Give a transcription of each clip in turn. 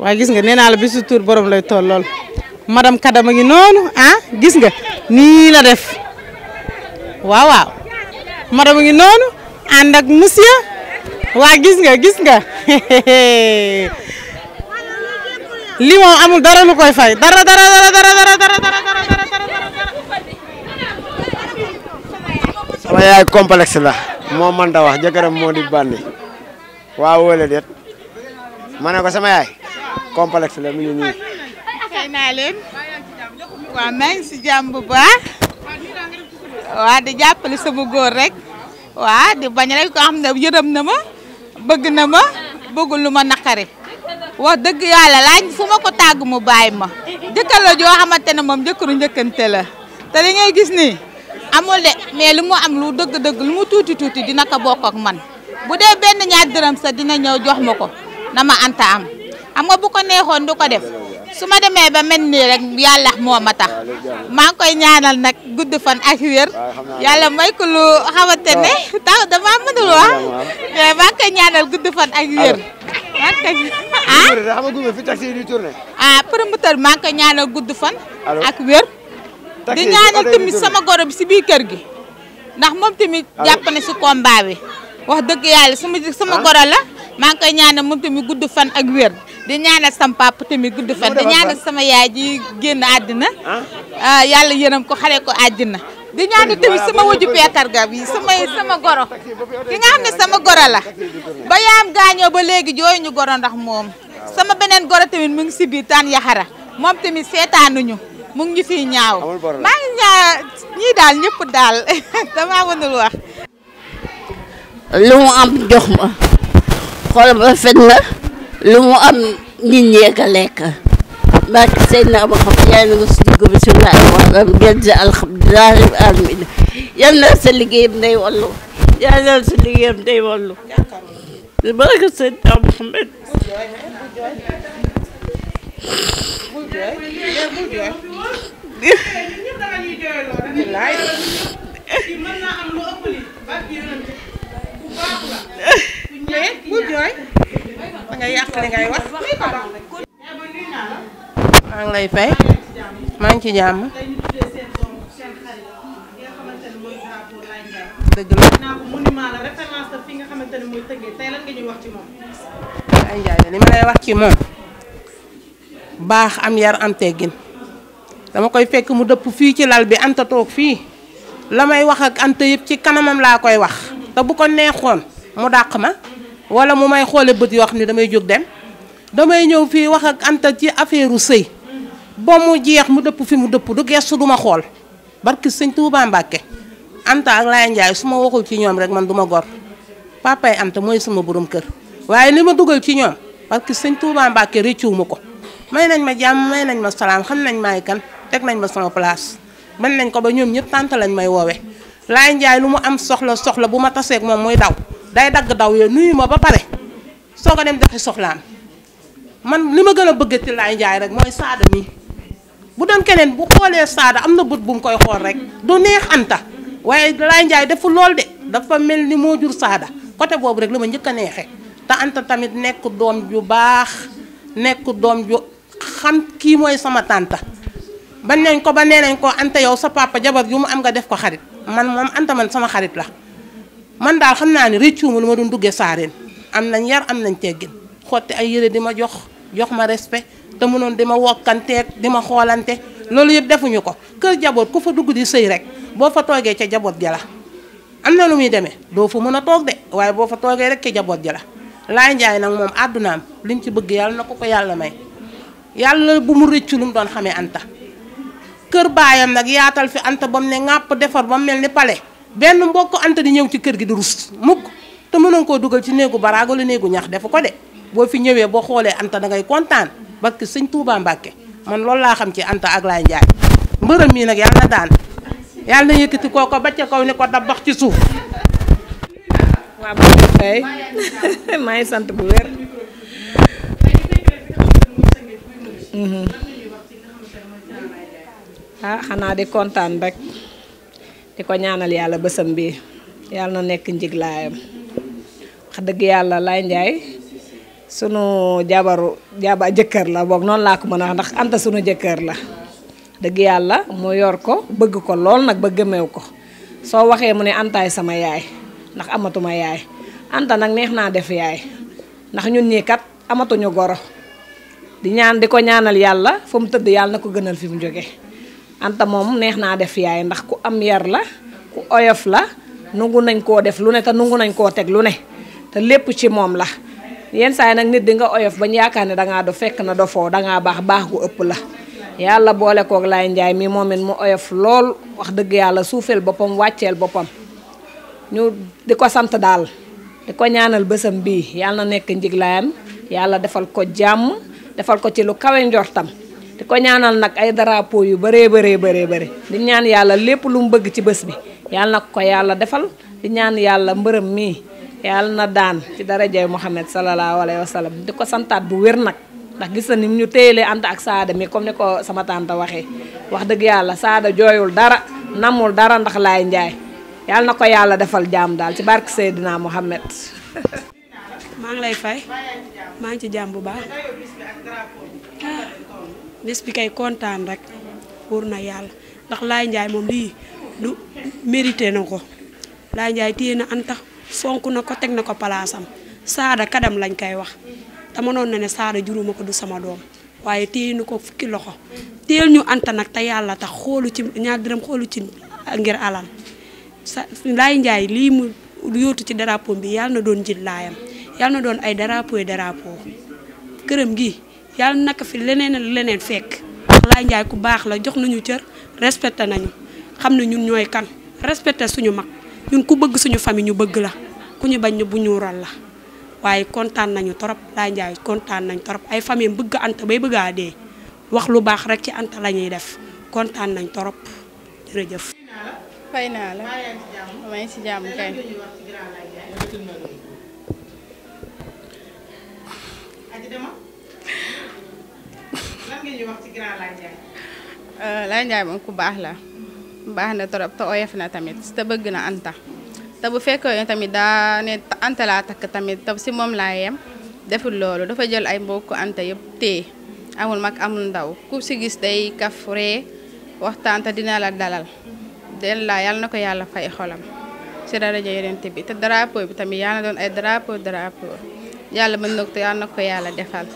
way gis nga neena la bisu tur borom lay toll Madam madame Kadama gi noonu ah gis nga ni la def waaw waaw Madam gi nonu, and ak monsieur waa gis nga gis nga lii moom amul dara lu koy fay dara dara dara dara dara dara dara dara sama yaay complexe la mo man da wax jëkkëram moo di bànni waaw wala déet ma ko sama yaay complexe la mi ni nii. fay naa leen. waaw maa ngi si jàmm bu baax. waaw di jàppale sama góor rek. wa di bañ rek ko xamne ne yërëm na ma bëgg na ma bëggul luma nakari wa deug yalla lañ laaj fu ma ko tàgg mu bayima ma la jo xamantene mom jëkuru ñëkënte la té li ngay gis ni amul dé mais lu mu am lu deug deug lu mu tuti tuti dina ka bokk ak man bu dé ben ñaar dërëm sa dina ñëw jox mako nama anta am xam nga bu ko neexoon du ko def su ma demee ba mel nii rek yàlla moo ma tax maa ngi koy ñaanal nag gudd fan ak wér yàlla may ko lu xamante ne taw dama mënul wax mais maa ngi koy ñaanal gudd fan ak wér maa ngi koy ah, gudd fan ak di ñaanal tamit sama goro bi si biir kër gi ndax moom tamit jàpp na si combat bi wax dëgg yàlla su ma sama sama ah? goro la maa ngi koy ñaanal moom tamit gudd fan ak wér di ñaanal sama papa timi gudd fan di ñaanal sama yaay ji génn ah, ah yalla yeenam ko xare ko àddina di ñaanal timi sama wuju peetar ga bi sama sama goro ki nga xamne sama goro la ba yaam gaño ba legi joy ñu goro ndax mom sama benen goro timi mu ngi si tan yahara mom timi tamit mu ngi fi ñaaw ma ngi ñaa ñi dal ñepp dal dama wonul wax lu am jox ma xol ba fet lu mu am nit ñee ko lekk barke Seydina Muhammad yaa ngi si digg bi suñu laay waxam gerte alhamdulilah alamin yal na sa liggéeyam day wallu yal na sa liggéeyam day wallu barke Seydina Muhammad bu jooy ngay maa ngi lay fay. maa ngi ci jàmm. dëgg la. Laye li ma lay wax ci moom. baax am yar am teggin. dama koy fekk mu dëpp fii ci lal bi Anta toog fii la may wax ak Anta yëpp ci kanamam laa koy wax te bu ko neexoon mu dàq ma. wala mu may xoole bët yoo xam ne damay jóg dem damay ñëw fii wax ak Anta ci affaire u sëy ba mu jeex mu dëpp fi mu dëpp du gestu du ma xool barki sëñ Touba Mbàkke Anta ak Laye Ndiaye su ma waxul ci ñoom rek man du ma gor papay Anta mooy sama borom kër waaye li ma dugal ci ñoom barki sëñ Touba Mbàkke réccuwuma ko may nañ ma jàmm may nañ ma salaam xam nañ may kan teg nañ ma sama place mën nañ ko ba ñoom ñëpp tànta lañ may woowe Laye Ndiaye lu mu am soxla soxla bu ma taseeg moom muy daw day dagg daw yooyu nuyu ma ba pare soo ko dem doxi soxlaam man li ma gën a bëgg ci laay njaay rek mooy saada mi bu doon keneen bu xoolee saada am na bët bu mu koy xool rek du neex anta waaye laay njaay defu lool de dafa mel ni moo jur saada côté boobu rek la ma njëkk a neexee te anta tamit nekk doom ju baax nekk doom ju xam kii mooy sama tànta bañ nañ ko ba nee nañ ko anta yow sa papa jabar yu mu am nga def ko xarit man moom anta man sama xarit la man dal xamna ni ne rëccuuma lu ma doon am nañ yar am nañ teggin xotti ay yére dima ma jox jox ma respect te mënoon di ma wokkanteeg di ma xoolante loolu defuñu ko keur jabot ku fa dugg di sey rek bo fa toogee ca jabot jala la am na lu muy demee doo fa mën a de fa toogee rek ca jabot jala lay njaay liñ ci bëgg yalla ko ko may yalla bu mu reccu lu doon anta keur bayam nak yaatal fi anta bam mu ne ŋàpp defar ba mu benn mbokk ant di ñëw ci kër gi di rus mukk te mënoon koo dugal ci néegu baraago la néegu ñax defu ko de boo fi ñëwee boo xoolee anta da ngay kontaan parce que sëñ Touba Mbàkke man loolu laa xam ci anta ak laay njaay mbërëm mii nag yàlla na daan yàlla na yëkkati kooko ba ca kaw ni ko dabax ci suuf waaw kay maa ngi sant bu wér mhm. ah xanaa di kontaan rek di ko ñaanal yalla bësam bi yalla na nekk njiglaayam wax deug yalla lay njaay sunu jabaru jaba jëkër la bok non la ko mëna ndax anta sunu jëkër la deug yalla mu yor ko bëgg ko lool nak ba gëmew ko so waxe mu ne antaay sama yaay ndax amatuma yaay anta nang neex na def yaay ndax ñun ñii kat ñu goro di ñaan di ko ñaanal yalla fu mu tëdd yalla na gënal fi mu anta mom neex na def yaay ndax ku am yar la ku oyof la nungu nañ ko def lu ne ta nungu nañ ko tek lu ne ta lepp ci mom la yeen say nak nit di nga oyof bañ yaakaar da nga do fekk na da nga bax bax gu upp la yalla boole ak lay njaay mi momen mu oyof lol wax deug yalla soufel bopam waccel bopam ñu diko sante dal diko ñaanal beusam bi yalla nek njiglayam yalla defal ko jamm defal ko ci lu kawé njortam di ko ñaanal nag ay drapeau yu bëree bëree bëree bëri di ñaan yàlla lépp lu mu bëgg ci bés bi yàlla na ko yàlla defal di ñaan yàlla mbërëm mii yàlla na daan ci darajay Muhammad sallallahu alayhi wa di ko santaat bu wér nag ndax gis na ni ñu téyelee ànd ak saada mi comme ni ko sama tante waxe wax dëgg yàlla saada jooyul dara namul dara ndax lay njaay yàlla na ko yàlla defal jaam daal ci barke Seydina Muhammad lay fay maa ci jaam bis bi kay kontaan rek wóor na yàlla ndax Laye njaay moom lii du mérité na ko Laye Ndiaye téye na Anta fonk na ko teg na ko palaasam saada kadam lañ koy wax te noon na ne saada juruma ko du sama doom waaye téye na ko fukki loxo téel ñu Anta nag te yàlla tax xoolu ci ñaar dërëm xoolu ci ngir alal sa Laye Ndiaye lii mu yóotu ci drapeau bi yàlla na doon jël laayam yàlla na doon ay daraapo drapeau këram gi yalla nak fi leneen leneen fekk Laye Ndiaye ku bax la jox nañu cër respecté nañu xamna ñun ñoy kan respecté suñu mak ñun ku bëgg suñu fami ñu bëgg la ku ñu bañ bu ñuural la waye contane nañu torop Laye Ndiaye contane nañ torop ay fami bëgg Anta bay bëgg dé wax lu bax rek ci Anta la def kontaan nañ trop jërëjëf. fay naa la maa ngi si jàmm kay. dama. lan nga ñu euh, ku baax la. baax na trop te oyof na tamit te bëgg na Anta. te bu fekkee ne tamit daa ne Anta laa takk tamit te si moom laa yem. deful loolu dafa jël ay mbokku Anta yëpp téye amul mag amul ndaw ku si gis day kaf ree waxtaan te dina la dalal. den laa yàlla na ko yàlla fay xolam. ci daraja yonent bi te drapeau bi tamit yàlla na doon ay drapeau drapeau yàlla mën na ko yàlla na ko yàlla defal.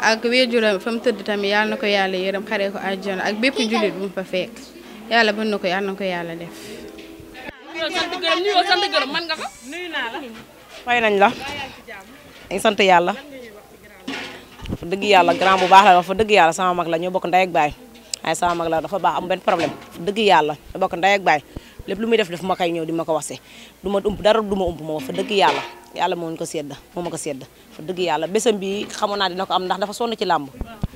ak wéjuram fa mu tëdd tamit yàlla na ko yàlla yërëm xaree ko àjjana ak bépp jullit bu fekk yàlla mën na ko yàlla ko yàlla def. fay nañ la. dañ sant yàlla. fa dëgg yàlla grand bu baax la fa dëgg yàlla sama mag la ñoo bokk ndey baay waaye sama mag la dafa baax am benn problème fa dëgg yàlla ñoo bokk ndey ak baay lépp lu muy def daf ma koy ñëw di ma ko wax si du ump dara du ump moom fa dëgg yàlla. yàlla moo ñu ko sedd moo ma ko sedd fa dëgg yàlla bésam bi xamoon naa dina ko am ndax dafa sonn ci làmb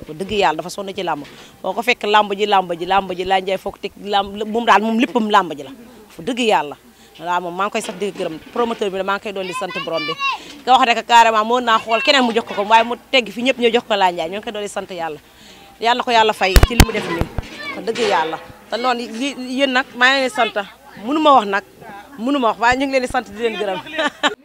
fa dëgg yàlla dafa sonn ci làmb boo la fa dëgg yàlla waaw moom maa ngi koy nii fa dëgg ma wax nag mënu ma wax waaye ñu ngi leen di leen gërëm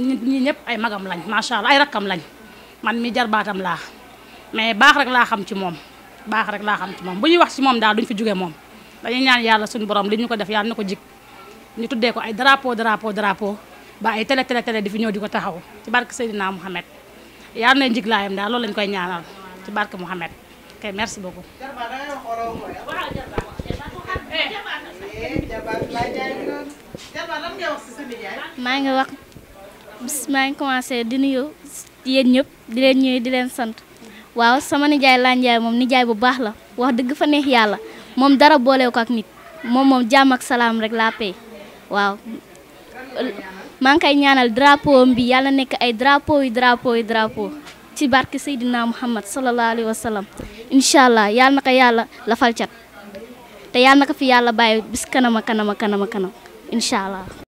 ñi ñep ay magam lañ ma sha allah ay rakam lañ man mi jar baatam laa mais baax rek la xam ci mom baax rek la xam ci mom bu wax ci mom daal duñ fi juggé mom dañuy ñaan Yalla suñu borom li ko def Yalla nako jik ñu tuddé ko ay drapeau drapeau drapeau ba ay télé télé télé di fi ñëw di ko taxaw ci barke sayyidina Muhammad Yalla na jik laayam daal loolu lañ koy ñaanal ci barke Muhammad kay merci beaucoup maa ngi wax bis maa ngi commencé di nuyu yéen ñëpp di leen ñëw di leen sant waaw sama nijaay laa njaay moom nijaay bu baax la wax dëgg fa neex yàlla moom dara boole ko ak nit moom moom jàmm ak salaam rek laa pay waaw maa ngi koy ñaanal drapeau am yàlla nekk ay drapeau yu drapeau yu drapeau ci barke Seydina Muhammad sallallahu alayhi wa sallam incha allah yàlla na ko yàlla lafal cat te yàlla na ko fi yàlla bàyyi bis kanama kanama kanama kanam incha